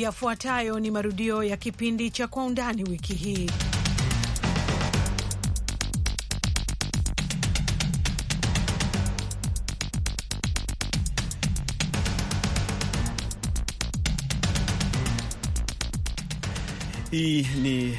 Yafuatayo ni marudio ya kipindi cha Kwa Undani wiki hii. Hii ni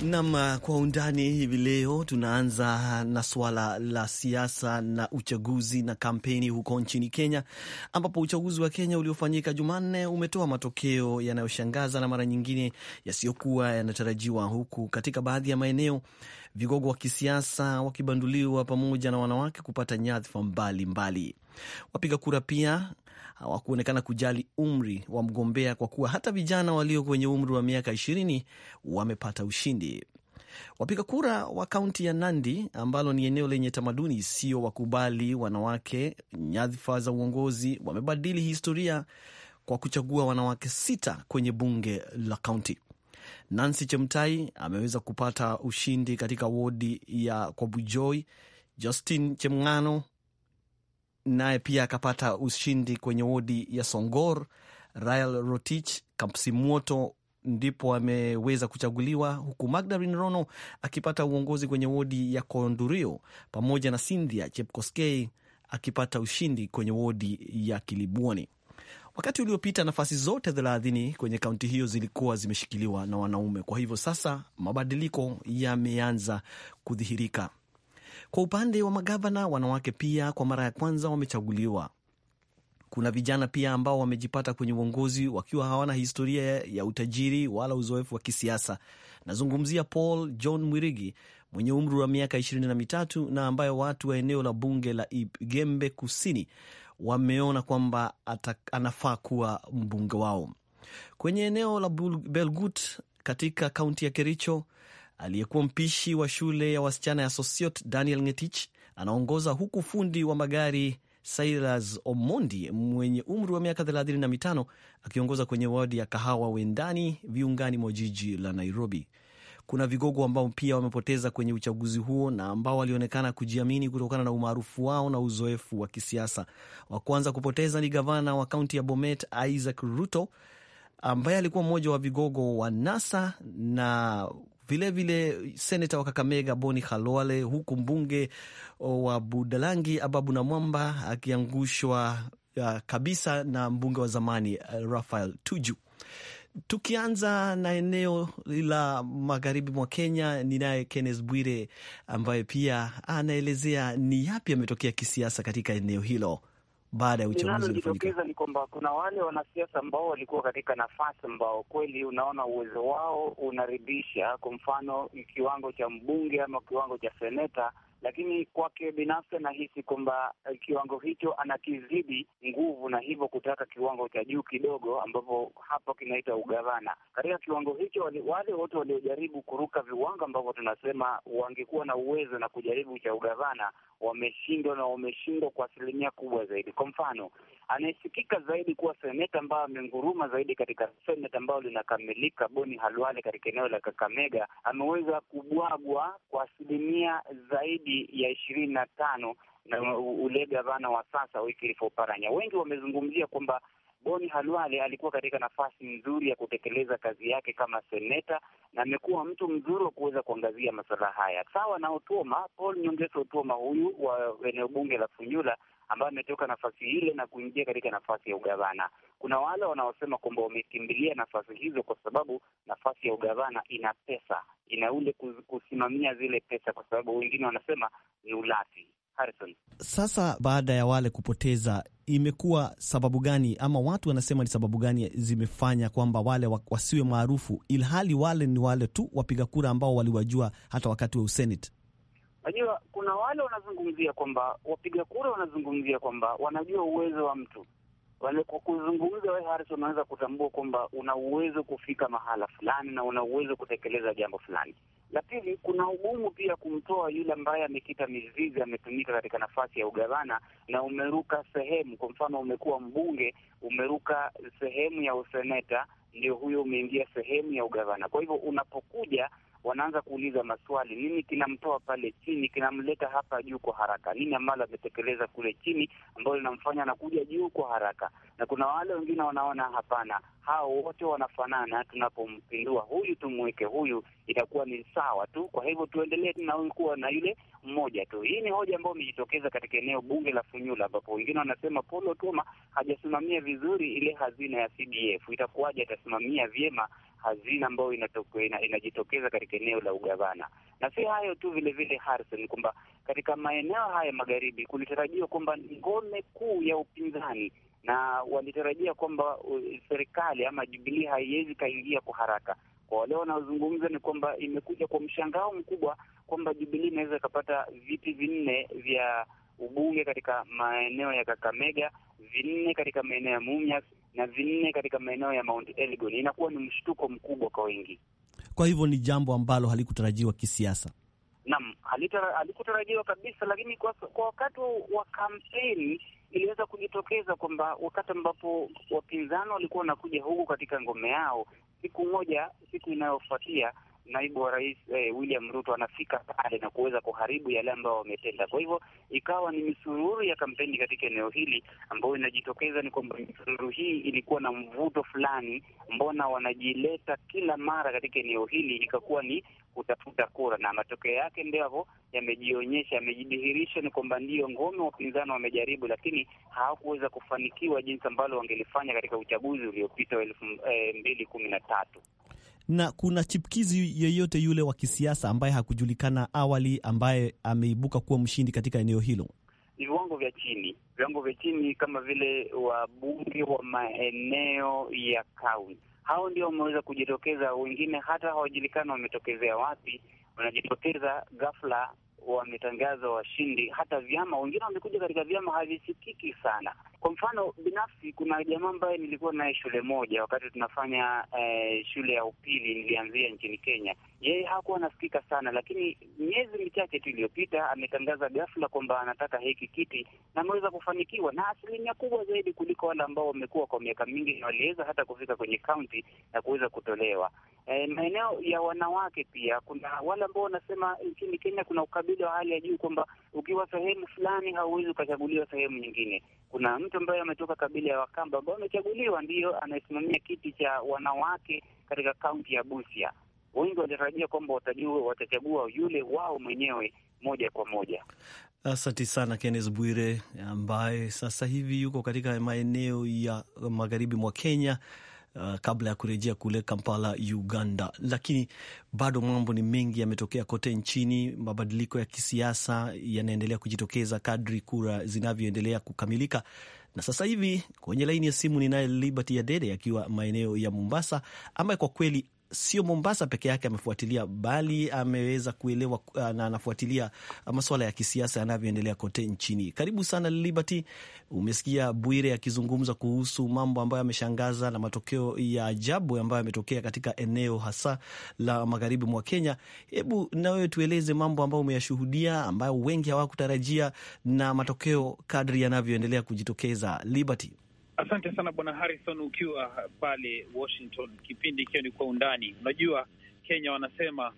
Nam, uh, kwa undani hivi leo tunaanza na suala la siasa na uchaguzi na kampeni huko nchini Kenya, ambapo uchaguzi wa Kenya uliofanyika Jumanne umetoa matokeo yanayoshangaza na mara nyingine yasiyokuwa yanatarajiwa, huku katika baadhi ya maeneo vigogo wa kisiasa wakibanduliwa pamoja na wanawake kupata nyadhifa mbalimbali. Wapiga kura pia hawakuonekana kujali umri wa mgombea kwa kuwa hata vijana walio kwenye umri wa miaka ishirini wamepata ushindi. Wapiga kura wa kaunti ya Nandi, ambalo ni eneo lenye tamaduni isiyo wakubali wanawake nyadhifa za uongozi, wamebadili historia kwa kuchagua wanawake sita kwenye bunge la kaunti. Nancy Chemtai ameweza kupata ushindi katika wodi ya Kwabujoi. Justin Chemng'ano naye pia akapata ushindi kwenye wodi ya Songor. Rael Rotich moto ndipo ameweza kuchaguliwa huku magdalin Rono akipata uongozi kwenye wodi ya Kondurio, pamoja na Cynthia Chepkoskei akipata ushindi kwenye wodi ya Kilibwoni. Wakati uliopita nafasi zote thelathini kwenye kaunti hiyo zilikuwa zimeshikiliwa na wanaume. Kwa hivyo sasa mabadiliko yameanza kudhihirika. Kwa upande wa magavana wanawake, pia kwa mara ya kwanza wamechaguliwa. Kuna vijana pia ambao wamejipata kwenye uongozi wakiwa hawana historia ya utajiri wala uzoefu wa kisiasa. Nazungumzia Paul John Mwirigi mwenye umri wa miaka ishirini na mitatu na ambaye watu wa eneo la bunge la Igembe Kusini wameona kwamba anafaa kuwa mbunge wao. Kwenye eneo la Belgut katika kaunti ya Kericho, Aliyekuwa mpishi wa shule ya wasichana ya Sosiot Daniel Ngetich anaongoza huku fundi wa magari Silas Omondi mwenye umri wa miaka 35 akiongoza kwenye wodi ya kahawa Wendani, viungani mwa jiji la Nairobi. Kuna vigogo ambao pia wamepoteza kwenye uchaguzi huo na ambao walionekana kujiamini kutokana na umaarufu wao na uzoefu wa kisiasa. Wa kwanza kupoteza ni gavana wa kaunti ya Bomet Isaac Ruto ambaye alikuwa mmoja wa vigogo wa NASA na vilevile seneta wa Kakamega Boni Khalwale, huku mbunge wa Budalangi Ababu Namwamba akiangushwa uh, kabisa na mbunge wa zamani uh, Rafael Tuju. Tukianza na eneo la magharibi mwa Kenya, ninaye Kenneth Bwire ambaye pia anaelezea ni yapi yametokea kisiasa katika eneo hilo baada ya uchaguzi ulifanyika. ni kwamba kuna wale wanasiasa ambao walikuwa katika nafasi ambao kweli unaona uwezo wao unaridhisha. Kwa mfano, kiwango cha mbunge ama kiwango cha seneta lakini kwake binafsi anahisi kwamba eh, kiwango hicho anakizidi nguvu, na hivyo kutaka kiwango cha juu kidogo, ambapo hapo kinaita ugavana. Katika kiwango hicho, wale wote waliojaribu kuruka viwango ambavyo tunasema wangekuwa na uwezo na kujaribu cha ugavana wameshindwa, na wameshindwa kwa asilimia kubwa zaidi. Kwa mfano, anayesikika zaidi kuwa seneta ambayo amenguruma zaidi katika seneta ambayo linakamilika Boni Halwale katika eneo la Kakamega ameweza kubwagwa kwa asilimia zaidi zaidi ya ishirini na tano na mm. ule gavana wa sasa Wycliffe Oparanya. Wengi wamezungumzia kwamba Boni Halwale alikuwa katika nafasi nzuri ya kutekeleza kazi yake kama seneta na amekuwa mtu mzuri wa kuweza kuangazia masuala haya, sawa na Otuoma Paul Nyongeso Otuoma, huyu wa eneo bunge la Funyula ambayo ametoka nafasi ile na kuingia katika nafasi ya ugavana. Kuna wale wanaosema kwamba wamekimbilia nafasi hizo kwa sababu nafasi ya ugavana ina pesa, ina ule kusimamia zile pesa, kwa sababu wengine wanasema ni ulafi. Harrison, sasa baada ya wale kupoteza, imekuwa sababu gani ama watu wanasema ni sababu gani zimefanya kwamba wale wasiwe maarufu, ilhali wale ni wale tu wapiga kura ambao waliwajua hata wakati wa usenate? Najua kuna wale wanazungumzia kwamba wapiga kura wanazungumzia kwamba wanajua uwezo wa mtu wale, kwa kuzungumza wewe Harris, wanaweza kutambua kwamba una uwezo kufika mahala fulani na una uwezo kutekeleza jambo fulani. La pili, kuna ugumu pia kumtoa yule ambaye amekita mizizi, ametumika katika nafasi ya ugavana na umeruka sehemu. Kwa mfano, umekuwa mbunge, umeruka sehemu ya useneta ndio huyo umeingia sehemu ya ugavana. Kwa hivyo unapokuja wanaanza kuuliza maswali, nini kinamtoa pale chini kinamleta hapa juu kwa haraka? Nini ambalo ametekeleza kule chini ambayo linamfanya anakuja juu kwa haraka? Na kuna wale wengine wanaona hapana, hao wote wanafanana, tunapompindua huyu tumweke huyu itakuwa ni sawa tu, kwa hivyo tuendelee na kuwa na yule mmoja tu. Hii ni hoja ambayo imejitokeza katika eneo bunge la Funyula, ambapo wengine wanasema Paul Otuoma hajasimamia vizuri ile hazina ya CDF, itakuwaje kusimamia vyema hazina ambayo ina, inajitokeza katika eneo la ugavana. Na si hayo tu, vile vile Harrison, kwamba katika maeneo haya magharibi kulitarajiwa kwamba ngome kuu ya upinzani na walitarajia kwamba serikali ama jubilii haiwezi kaingia kwa haraka. Kwa wale wanaozungumza ni kwamba imekuja kwa mshangao mkubwa kwamba jubilii inaweza ikapata viti vinne vya ubunge katika maeneo ya Kakamega, vinne katika maeneo ya Mumias na vinne katika maeneo ya Mount Elgon. Inakuwa ni mshtuko mkubwa kwa wengi. Kwa hivyo ni jambo ambalo halikutarajiwa kisiasa. Naam, halikutarajiwa kabisa, lakini kwa, kwa wakati wa kampeni iliweza kujitokeza kwamba wakati ambapo wapinzani walikuwa wanakuja huku katika ngome yao, siku moja, siku inayofuatia naibu wa rais eh, William Ruto anafika pale na kuweza kuharibu yale ambayo wametenda. Kwa hivyo ikawa ni misururu ya kampeni katika eneo hili ambayo inajitokeza ni kwamba misururu hii ilikuwa na mvuto fulani, mbona wanajileta kila mara katika eneo hili, ikakuwa ni kutafuta kura, na matokeo yake ndio hapo yamejionyesha, yamejidhihirisha ni kwamba ndiyo ngome wapinzani wamejaribu, lakini hawakuweza kufanikiwa jinsi ambalo wangelifanya katika uchaguzi uliopita wa elfu eh, mbili kumi na tatu na kuna chipkizi yeyote yule wa kisiasa ambaye hakujulikana awali ambaye ameibuka kuwa mshindi katika eneo hilo? Ni viwango vya chini, viwango vya chini kama vile wabunge wa maeneo ya kaunti, hao ndio wameweza kujitokeza. Wengine hata hawajulikana wametokezea wapi, wanajitokeza ghafla, wametangaza washindi. Hata vyama wengine wamekuja katika vyama havisikiki sana kwa mfano binafsi, kuna jamaa ambaye nilikuwa naye shule moja wakati tunafanya eh, shule ya upili, nilianzia nchini Kenya. Yeye hakuwa anasikika sana, lakini miezi michache tu iliyopita ametangaza ghafla kwamba anataka hiki kiti na ameweza kufanikiwa, na asilimia kubwa zaidi kuliko wale ambao wamekuwa kwa miaka mingi na waliweza hata kufika kwenye kaunti na kuweza kutolewa. Eh, maeneo ya wanawake pia, kuna wale ambao wanasema nchini Kenya kuna ukabili wa hali ya juu kwamba ukiwa sehemu fulani hauwezi ukachaguliwa sehemu nyingine. Kuna mtu mtu ambaye ametoka kabila ya Wakamba ambao amechaguliwa ndiyo anayesimamia kiti cha wanawake katika kaunti ya Busia. Wengi walitarajia kwamba watajua watachagua yule wao mwenyewe moja kwa moja. Asante sana Kenneth Bwire, ambaye sasa hivi yuko katika maeneo ya magharibi mwa Kenya, uh, kabla ya kurejea kule Kampala, Uganda. Lakini bado mambo ni mengi yametokea kote nchini. Mabadiliko ya kisiasa yanaendelea kujitokeza kadri kura zinavyoendelea kukamilika na sasa hivi kwenye laini ya simu ninaye Liberty Adede akiwa maeneo ya Mombasa, ambaye kwa kweli sio Mombasa peke yake amefuatilia, bali ameweza kuelewa uh, na anafuatilia masuala ya kisiasa yanavyoendelea kote nchini. Karibu sana Liberty. Umesikia Bwire akizungumza kuhusu mambo ambayo ameshangaza na matokeo ya ajabu ambayo yametokea katika eneo hasa la magharibi mwa Kenya. Hebu nawewe tueleze mambo ambayo umeyashuhudia ambayo wengi hawakutarajia na matokeo kadri yanavyoendelea kujitokeza, Liberty. Asante sana Bwana Harrison, ukiwa pale Washington, kipindi ikiwa ni kwa undani. Unajua Kenya wanasema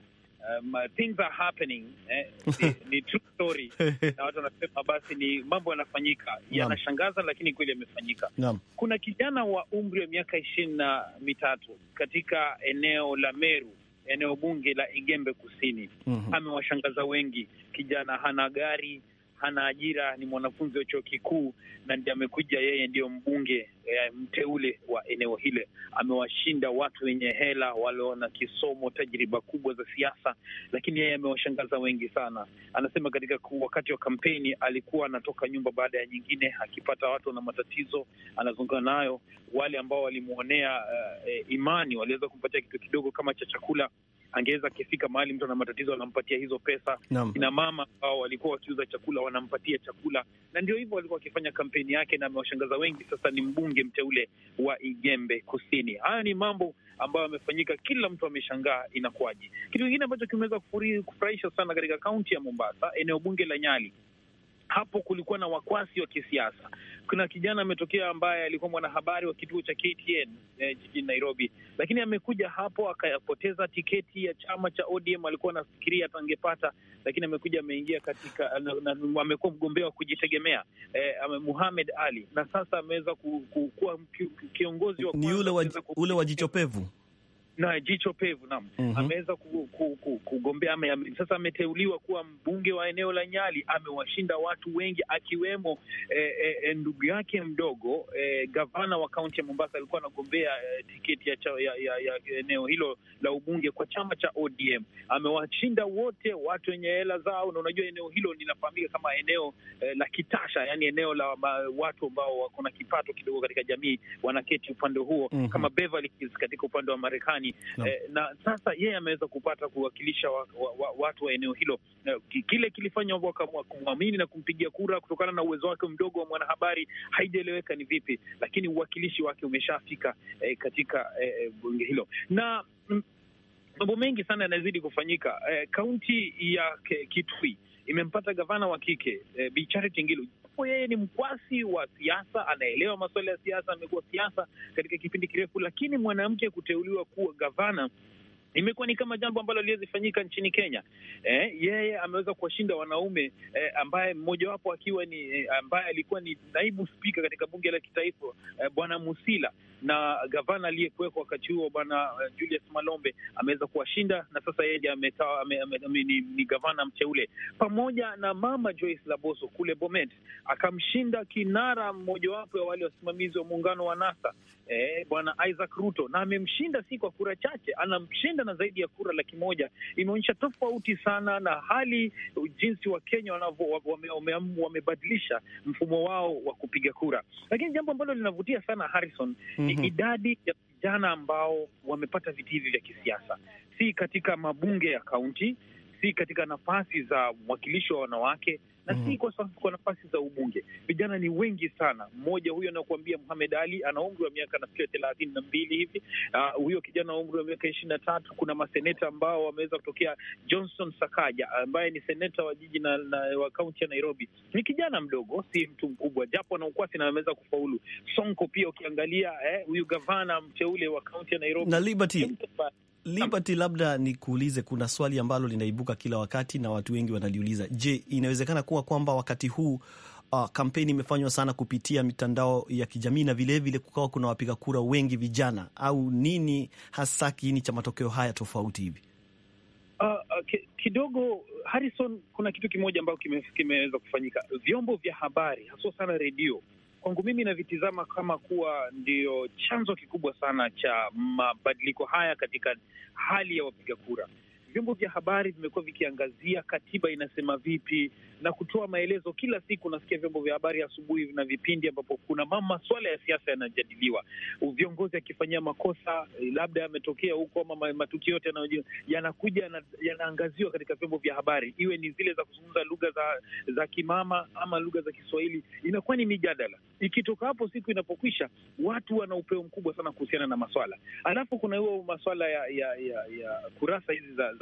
um, things are happening eh, ni, ni true story na watu wanasema basi ni mambo yanafanyika, yanashangaza lakini kweli yamefanyika. Kuna kijana wa umri wa miaka ishirini na mitatu katika eneo la Meru, eneo bunge la Igembe Kusini. mm -hmm. Amewashangaza wengi. Kijana hana gari hana ajira, ni mwanafunzi wa chuo kikuu, na ndiye amekuja yeye, ndiyo mbunge e, mteule wa eneo hile. Amewashinda watu wenye hela, walio kisomo, tajriba kubwa za siasa, lakini yeye amewashangaza wengi sana. Anasema katika wakati wa kampeni alikuwa anatoka nyumba baada ya nyingine, akipata watu wana matatizo, anazunguka nayo. Wale ambao walimwonea uh, eh, eh, imani waliweza kumpatia kitu kidogo kama cha chakula angeweza akifika mahali mtu ana matatizo anampatia hizo pesa. Kina mama ambao walikuwa wakiuza chakula wanampatia chakula, na ndio hivyo walikuwa wakifanya kampeni yake, na amewashangaza wengi. Sasa ni mbunge mteule wa Igembe Kusini. Haya ni mambo ambayo yamefanyika, kila mtu ameshangaa inakuwaje. Kitu kingine ambacho kimeweza kufurahisha sana katika kaunti ya Mombasa, eneo bunge la Nyali, hapo kulikuwa na wakwasi wa kisiasa kuna kijana ametokea ambaye alikuwa mwanahabari wa kituo cha KTN eh, jijini Nairobi, lakini amekuja hapo akapoteza tiketi ya chama cha ODM. Alikuwa anafikiria atangepata, lakini amekuja ameingia katika, amekuwa mgombea wa kujitegemea eh, Muhamed Ali, na sasa ameweza kuwa ku, kiongozi wa ni ule wa, ule wajichopevu na jicho pevu nam mm -hmm. ameweza kugombea ku, ku, ame, sasa ameteuliwa kuwa mbunge wa eneo la Nyali. Amewashinda watu wengi akiwemo eh, eh, eh, ndugu yake mdogo eh, gavana wa kaunti ya Mombasa alikuwa anagombea eh, tiketi ya, ya, ya, ya eneo hilo la ubunge kwa chama cha ODM. Amewashinda wote watu wenye hela zao, na unajua eneo hilo linafahamika kama eneo eh, la kitasha, yani eneo la ma, watu ambao wako na kipato kidogo katika jamii wanaketi upande huo mm -hmm. kama Beverly Hills katika upande wa Marekani nyingi no. eh, na sasa yeye ameweza kupata kuwakilisha wa, wa, wa, watu wa eneo hilo, kile kilifanya wakamwamini na kumpigia kura kutokana na uwezo wake mdogo wa mwanahabari, haijaeleweka ni vipi, lakini uwakilishi wake umeshafika eh, katika eh, eh bunge hilo na mm, mambo mengi sana yanazidi kufanyika. Eh, kaunti ya Kitui imempata gavana wa kike eh, Bi Charity Ngilu ambapo yeye ni mkwasi wa siasa, anaelewa masuala ya siasa, amekuwa siasa katika kipindi kirefu, lakini mwanamke kuteuliwa kuwa gavana imekuwa ni kama jambo ambalo liwezifanyika nchini Kenya. Eh, yeye ameweza kuwashinda wanaume eh, ambaye mmojawapo akiwa ni eh, ambaye alikuwa ni naibu spika katika bunge la kitaifa eh, bwana Musila na gavana aliyekuwekwa wakati huo bwana eh, Julius Malombe ameweza kuwashinda, na sasa yeye ametawa ame, ame, ame, ni, ni gavana mteule, pamoja na mama Joyce Laboso kule Bomet akamshinda kinara mmojawapo ya wale wasimamizi wa muungano wa NASA eh, bwana Isaac Ruto, na amemshinda si kwa kura chache, anamshinda na zaidi ya kura laki moja imeonyesha tofauti sana na hali jinsi Wakenya wamebadilisha wame, wame mfumo wao wa kupiga kura. Lakini jambo ambalo linavutia sana Harrison, mm -hmm. ni mhm. idadi ya vijana ambao wamepata viti hivi vya kisiasa, si katika mabunge ya kaunti, si katika nafasi za mwakilishi wa wanawake na mm -hmm. si mhm. kwa, kwa nafasi za ubunge. Vijana ni wengi sana. Mmoja huyo anakuambia Muhamed Ali ana umri wa miaka nafikiri thelathini na mbili hivi. Uh, huyo kijana wa umri wa miaka ishirini na tatu. Kuna maseneta ambao wameweza kutokea, Johnson Sakaja ambaye ni seneta wa jiji na, na wa kaunti ya Nairobi, ni kijana mdogo, si mtu mkubwa, japo ana ukwasi na ameweza kufaulu. Sonko pia ukiangalia, eh, huyu gavana mteule wa kaunti ya Nairobi na Liberty Liberty, labda nikuulize, kuna swali ambalo linaibuka kila wakati na watu wengi wanaliuliza. Je, inawezekana kuwa kwamba wakati huu uh, kampeni imefanywa sana kupitia mitandao ya kijamii na vilevile kukawa kuna wapiga kura wengi vijana, au nini hasa kiini cha matokeo haya tofauti hivi? Uh, uh kidogo Harrison, kuna kitu kimoja ambacho kimeweza kime kufanyika. Vyombo vya habari haswa sana redio kwangu mimi inavitizama kama kuwa ndio chanzo kikubwa sana cha mabadiliko haya katika hali ya wapiga kura vyombo vya habari vimekuwa vikiangazia katiba inasema vipi na kutoa maelezo kila siku. Nasikia vyombo vya habari asubuhi vina vipindi ambapo kuna maswala ya siasa yanajadiliwa, viongozi akifanyia makosa labda yametokea huko ama matukio yote yanakuja yanaangaziwa katika vyombo vya habari, iwe ni zile za kuzungumza lugha za za kimama ama lugha za Kiswahili, inakuwa ni mijadala. Ikitoka hapo siku inapokwisha, watu wana upeo mkubwa sana kuhusiana na maswala alafu kuna huo maswala ya, ya, ya, ya kurasa hizi za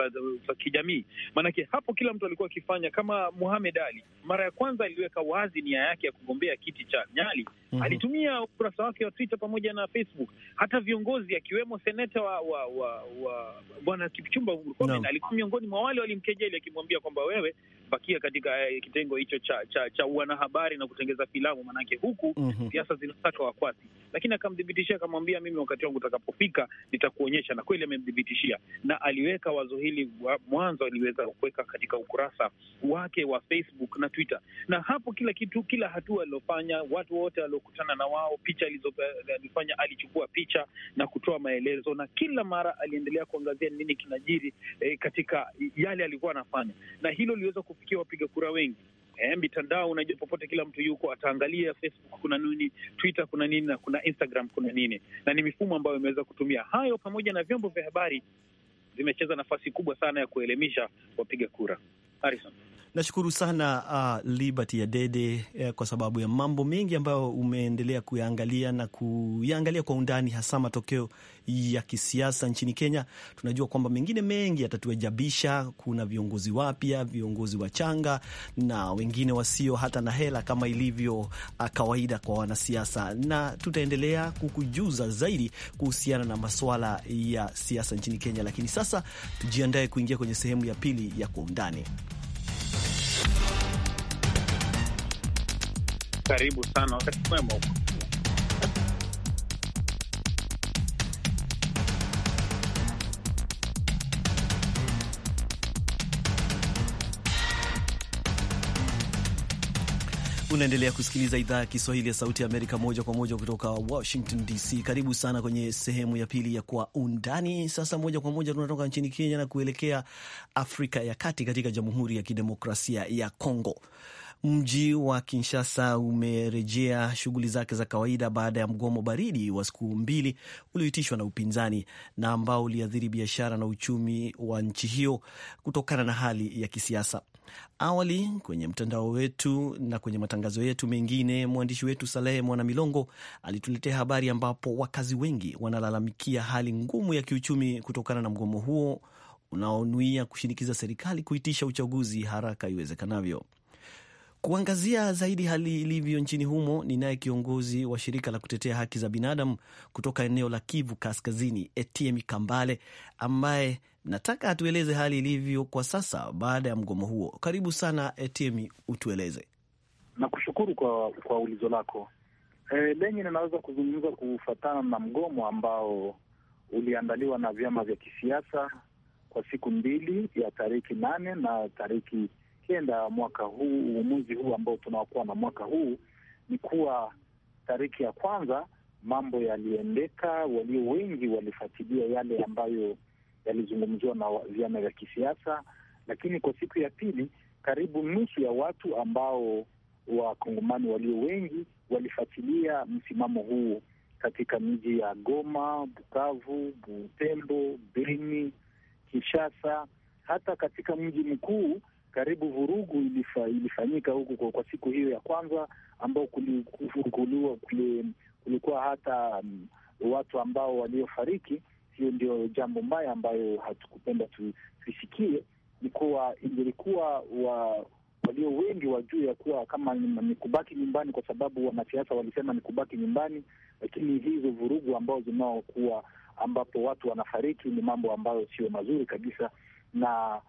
za kijamii. Maanake hapo kila mtu alikuwa akifanya kama Muhamed Ali, mara ya kwanza aliweka wazi nia yake ya kugombea kiti cha Nyali. mm -hmm. Alitumia ukurasa wake wa Twitter pamoja na Facebook. Hata viongozi akiwemo seneta wa wa, wa, wa bwana Kipchumba Murkomen no. alikuwa miongoni mwa wale walimkejeli, akimwambia kwamba wewe kubakia katika eh, kitengo hicho cha, cha, cha wanahabari na kutengeza filamu, maanake huku mhm. siasa mm -hmm. zinataka wakwasi, lakini akamthibitishia akamwambia, mimi wakati wangu utakapofika nitakuonyesha, na kweli amemthibitishia, na aliweka wazo hili wa mwanzo, aliweza kuweka katika ukurasa wake wa Facebook na Twitter, na hapo kila kitu, kila hatua alilofanya, watu wote waliokutana na wao, picha eh, eh, alizofanya, alichukua picha na kutoa maelezo, na kila mara aliendelea kuangazia nini kinajiri eh, katika yale alikuwa anafanya, na hilo liweza kufikia wapiga kura wengi. E, mitandao unajua, popote kila mtu yuko ataangalia Facebook kuna nini, Twitter kuna nini, na kuna Instagram kuna nini, na ni mifumo ambayo imeweza kutumia hayo, pamoja na vyombo vya habari zimecheza nafasi kubwa sana ya kuelimisha wapiga kura. Harrison. Nashukuru sana uh, Liberty ya Dede eh, kwa sababu ya mambo mengi ambayo umeendelea kuyaangalia na kuyaangalia kwa undani, hasa matokeo ya kisiasa nchini Kenya. Tunajua kwamba mengine mengi yatatuajabisha. Kuna viongozi wapya, viongozi wachanga na wengine wasio hata na hela, kama ilivyo uh, kawaida kwa wanasiasa, na tutaendelea kukujuza zaidi kuhusiana na masuala ya siasa nchini Kenya. Lakini sasa tujiandae kuingia kwenye sehemu ya pili ya kwa undani. Karibu sana wakati mwema huko. Unaendelea kusikiliza idhaa ya Kiswahili ya Sauti ya Amerika moja kwa moja kutoka Washington DC. Karibu sana kwenye sehemu ya pili ya Kwa Undani. Sasa moja kwa moja tunatoka nchini Kenya na kuelekea Afrika ya Kati, katika Jamhuri ya Kidemokrasia ya Kongo. Mji wa Kinshasa umerejea shughuli zake za kawaida baada ya mgomo baridi wa siku mbili ulioitishwa na upinzani na ambao uliathiri biashara na uchumi wa nchi hiyo kutokana na hali ya kisiasa. Awali kwenye mtandao wetu na kwenye matangazo yetu mengine, mwandishi wetu Salehe Mwana Milongo alituletea habari ambapo wakazi wengi wanalalamikia hali ngumu ya kiuchumi kutokana na mgomo huo unaonuia kushinikiza serikali kuitisha uchaguzi haraka iwezekanavyo. Kuangazia zaidi hali ilivyo nchini humo, ninaye kiongozi wa shirika la kutetea haki za binadamu kutoka eneo la Kivu Kaskazini, Etiemi Kambale, ambaye Nataka atueleze hali ilivyo kwa sasa baada ya mgomo huo. Karibu sana Etemi, utueleze. Nakushukuru kwa kwa ulizo lako. E, lenye ninaweza kuzungumza kufatana na mgomo ambao uliandaliwa na vyama vya kisiasa kwa siku mbili ya tariki nane na tariki kenda mwaka huu. Uamuzi huu ambao tunaokuwa na mwaka huu ni kuwa tariki ya kwanza mambo yaliendeka, walio wengi walifuatilia yale ambayo yalizungumziwa na vyama vya kisiasa, lakini kwa siku ya pili karibu nusu ya watu ambao wakongomani walio wengi walifuatilia msimamo huo katika miji ya Goma, Bukavu, Butembo, Beni, Kinshasa, hata katika mji mkuu karibu vurugu ilifa, ilifanyika huku kwa, kwa siku hiyo ya kwanza ambao kulikuwa hata um, watu ambao waliofariki hiyo ndio jambo mbaya ambayo hatukupenda tuisikie ni kuwa ingelikuwa wa walio wengi juu ya kuwa kama ni kubaki nyumbani, kwa sababu wanasiasa walisema ni kubaki nyumbani, lakini hizo vurugu ambao zinaokuwa ambapo watu wanafariki ni mambo ambayo sio mazuri kabisa, na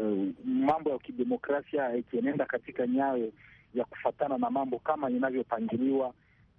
uh, mambo ya kidemokrasia ikienenda katika nyayo ya kufatana na mambo kama inavyopangiliwa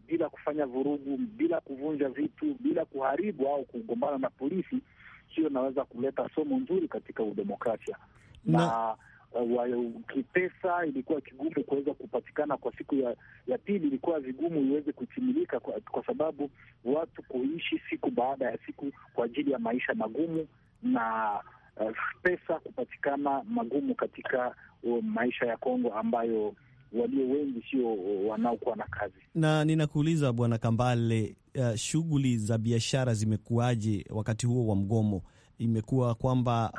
bila kufanya vurugu, bila kuvunja vitu, bila kuharibu au kugombana na polisi, hiyo naweza kuleta somo nzuri katika udemokrasia na, na uh, kipesa ilikuwa kigumu kuweza kupatikana kwa siku ya, ya pili ilikuwa vigumu iweze kutimilika kwa, kwa sababu watu kuishi siku baada ya siku kwa ajili ya maisha magumu na uh, pesa kupatikana magumu katika uh, maisha ya Kongo ambayo walio wengi sio wanaokuwa na kazi. Na ninakuuliza Bwana Kambale, uh, shughuli za biashara zimekuwaje wakati huo wa mgomo? Imekuwa kwamba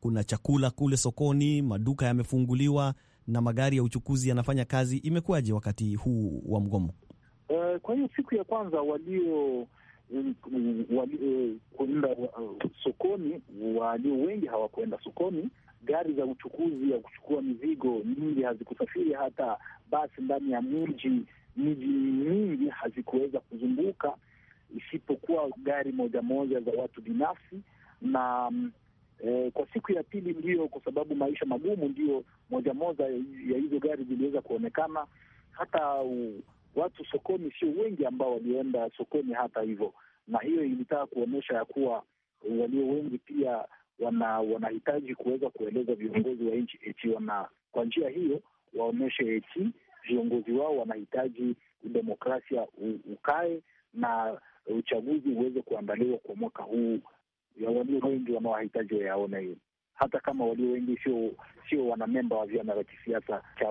kuna chakula kule sokoni, maduka yamefunguliwa na magari ya uchukuzi yanafanya kazi. Imekuwaje wakati huu wa mgomo? Uh, kwa hiyo siku ya kwanza walio um, um, walio uh, kuenda uh, sokoni, walio wengi hawakuenda sokoni gari za uchukuzi ya kuchukua mizigo nyingi hazikusafiri, hata basi ndani ya mji miji mingi hazikuweza kuzunguka, isipokuwa gari moja moja za watu binafsi na E, kwa siku ya pili ndio, kwa sababu maisha magumu, ndio moja moja ya hizo gari ziliweza kuonekana. Hata u, watu sokoni sio wengi ambao walienda sokoni hata hivyo, na hiyo ilitaka kuonyesha ya kuwa walio wengi pia wana wanahitaji kuweza kueleza viongozi wa nchi eti wana, kwa njia hiyo waonyeshe eti viongozi wao wanahitaji demokrasia ukae na uchaguzi uweze kuandaliwa kwa mwaka huu, walio wengi wanaohitaji wayaona hiyo, hata kama walio wengi sio sio wanamemba wa vyama vya kisiasa cha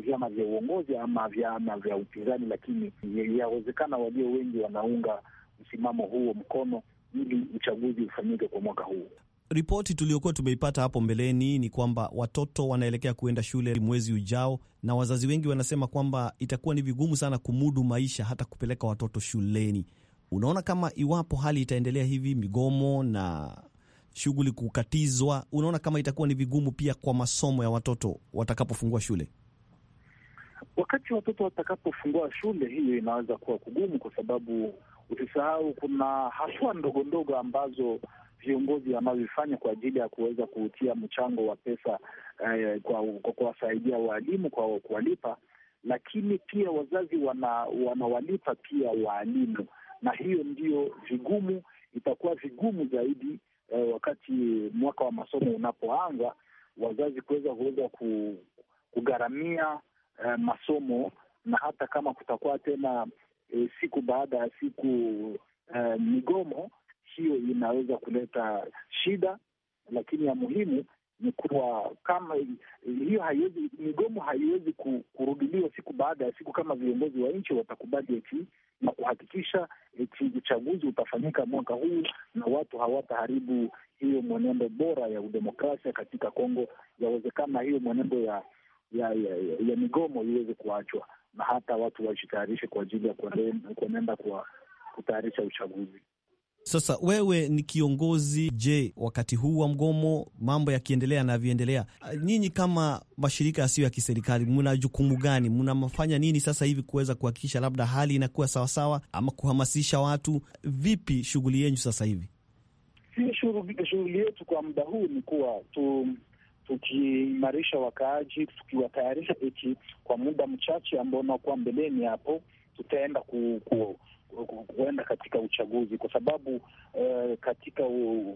vyama vya uongozi ama vyama vya upinzani, lakini yawezekana walio wengi wanaunga msimamo huo mkono ili uchaguzi ufanyike kwa mwaka huu. Ripoti tuliokuwa tumeipata hapo mbeleni ni kwamba watoto wanaelekea kuenda shule mwezi ujao, na wazazi wengi wanasema kwamba itakuwa ni vigumu sana kumudu maisha hata kupeleka watoto shuleni. Unaona, kama iwapo hali itaendelea hivi, migomo na shughuli kukatizwa, unaona kama itakuwa ni vigumu pia kwa masomo ya watoto watakapofungua shule. Wakati watoto watakapofungua shule, hiyo inaweza kuwa kugumu, kwa sababu usisahau kuna hatua ndogo ndogo ambazo viongozi ambavyo kwa ajili ya kuweza kuutia mchango wa pesa eh, kwa kuwasaidia waalimu kwa kuwalipa, lakini pia wazazi wanawalipa wana pia waalimu, na hiyo ndio vigumu, itakuwa vigumu zaidi eh, wakati mwaka wa masomo unapoanza wazazi kuweza kuweza kugharamia eh, masomo na hata kama kutakuwa tena eh, siku baada ya siku eh, migomo hiyo inaweza kuleta shida, lakini ya muhimu ni kuwa kama hiyo haiwezi, migomo haiwezi kurudiliwa siku baada ya siku kama viongozi wa nchi watakubali eti na kuhakikisha eti uchaguzi utafanyika mwaka huu na watu hawataharibu hiyo mwenendo bora ya udemokrasia katika Kongo. Yawezekana hiyo mwenendo ya ya, ya, ya, ya migomo iweze kuachwa na hata watu wajitayarishe kwa ajili ya kuenenda kwa kutayarisha uchaguzi. Sasa wewe ni kiongozi, je, wakati huu wa mgomo mambo yakiendelea yanavyoendelea, nyinyi kama mashirika yasiyo ya kiserikali mna jukumu gani? Mnafanya nini sasa hivi kuweza kuhakikisha labda hali inakuwa sawasawa ama kuhamasisha watu? Vipi shughuli yenyu sasa hivi? shughuli yetu kwa muda huu ni kuwa tu tukiimarisha wakaaji, tukiwatayarisha eti kwa muda mchache ambao unaokuwa mbeleni hapo tutaenda ku, ku kuenda katika uchaguzi kwa sababu uh, katika uh,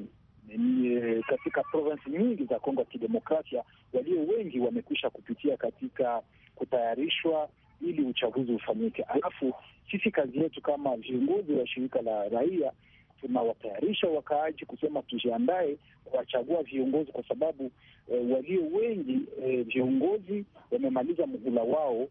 katika provensi nyingi za Kongo ya Kidemokrasia walio wengi wamekwisha kupitia katika kutayarishwa ili uchaguzi ufanyike. Alafu sisi kazi yetu kama viongozi wa shirika la raia tunawatayarisha wakaaji kusema tujiandae kuwachagua viongozi, kwa sababu e, walio wengi e, viongozi wamemaliza muhula wao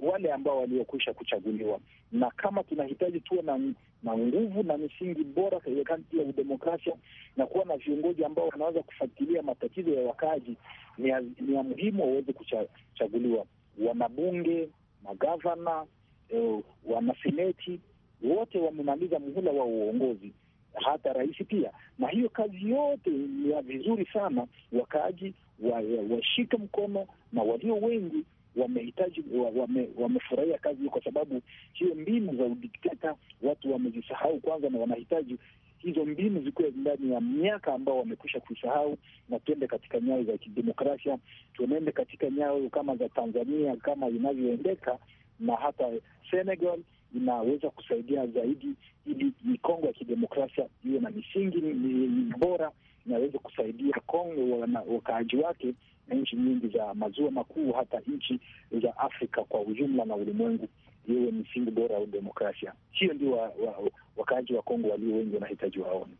wale ambao waliokwisha kuchaguliwa, na kama tunahitaji tuwe na, na nguvu na misingi bora katika ya udemokrasia na kuwa na viongozi ambao wanaweza kufuatilia matatizo ya wakaaji, ni ya muhimu waweze kuchaguliwa. Wanabunge, magavana, eh, wanaseneti wote wamemaliza muhula wa uongozi, hata rais pia. Na hiyo kazi yote ni ya vizuri sana, wakaaji washike wa mkono na walio wengi wamehitaji wame, wamefurahia kazi hiyo, kwa sababu hiyo mbinu za udikteta watu wamezisahau kwanza, na wanahitaji hizo mbinu zikuwe ndani ya miaka ambao wamekwisha kuisahau, na tuende katika nyayo za kidemokrasia, tunaende katika nyayo kama za Tanzania kama inavyoendeka, na hata Senegal inaweza kusaidia zaidi, ili mikongo ya kidemokrasia iwe na misingi bora inaweza kusaidia Kongo wakaaji wake na nchi nyingi za maziwa makuu, hata nchi za Afrika kwa ujumla na ulimwengu iwe misingi bora ya demokrasia. Hiyo ndio wakaaji wa Kongo walio wengi wanahitaji waone.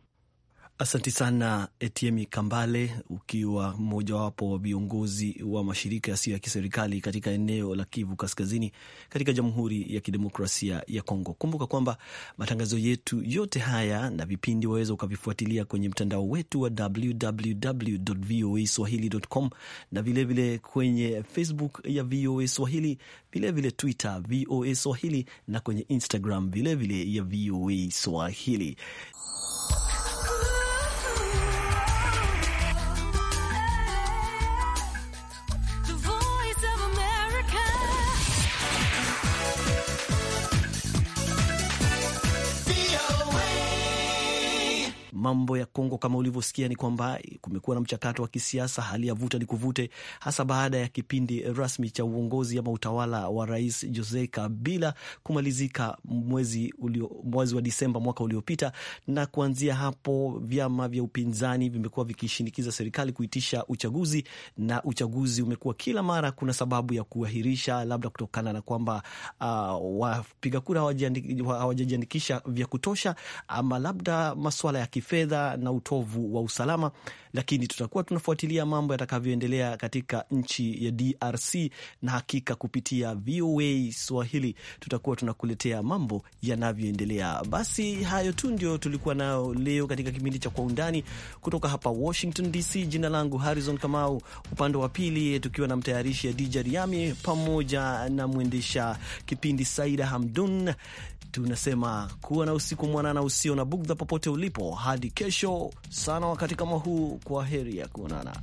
Asanti sana Etiemi Kambale, ukiwa mmojawapo wa viongozi wa mashirika yasiyo ya kiserikali katika eneo la Kivu Kaskazini katika Jamhuri ya Kidemokrasia ya Kongo. Kumbuka kwamba matangazo yetu yote haya na vipindi waweza ukavifuatilia kwenye mtandao wetu wa www voa swahili.com na vilevile vile kwenye Facebook ya VOA Swahili, vilevile Twitter VOA Swahili na kwenye Instagram vilevile vile ya VOA Swahili. mambo ya Kongo kama ulivyosikia ni kwamba kumekuwa na mchakato wa kisiasa, hali ya vuta ni kuvute, hasa baada ya kipindi rasmi cha uongozi ama utawala wa Rais Jose Kabila kumalizika mwezi, ulio, mwezi wa Disemba mwaka uliopita, na kuanzia hapo vyama vya upinzani vimekuwa vikishinikiza serikali kuitisha uchaguzi, na uchaguzi umekuwa kila mara kuna sababu ya kuahirisha, labda kutokana na kwamba uh, wapiga kura hawajajiandikisha vya kutosha ama labda maswala ya kifedha kifedha na utovu wa usalama, lakini tutakuwa tunafuatilia mambo yatakavyoendelea katika nchi ya DRC, na hakika kupitia VOA Swahili tutakuwa tunakuletea mambo yanavyoendelea. Basi hayo tu ndio tulikuwa nayo leo katika kipindi cha Kwa Undani kutoka hapa Washington DC. Jina langu Harrison Kamau, upande wa pili tukiwa na mtayarishi ya DJ Riami pamoja na mwendesha kipindi Saida Hamdun tunasema kuwa na usiku mwanana usio na bugdha popote ulipo, hadi kesho sana wakati kama huu. Kwa heri ya kuonana.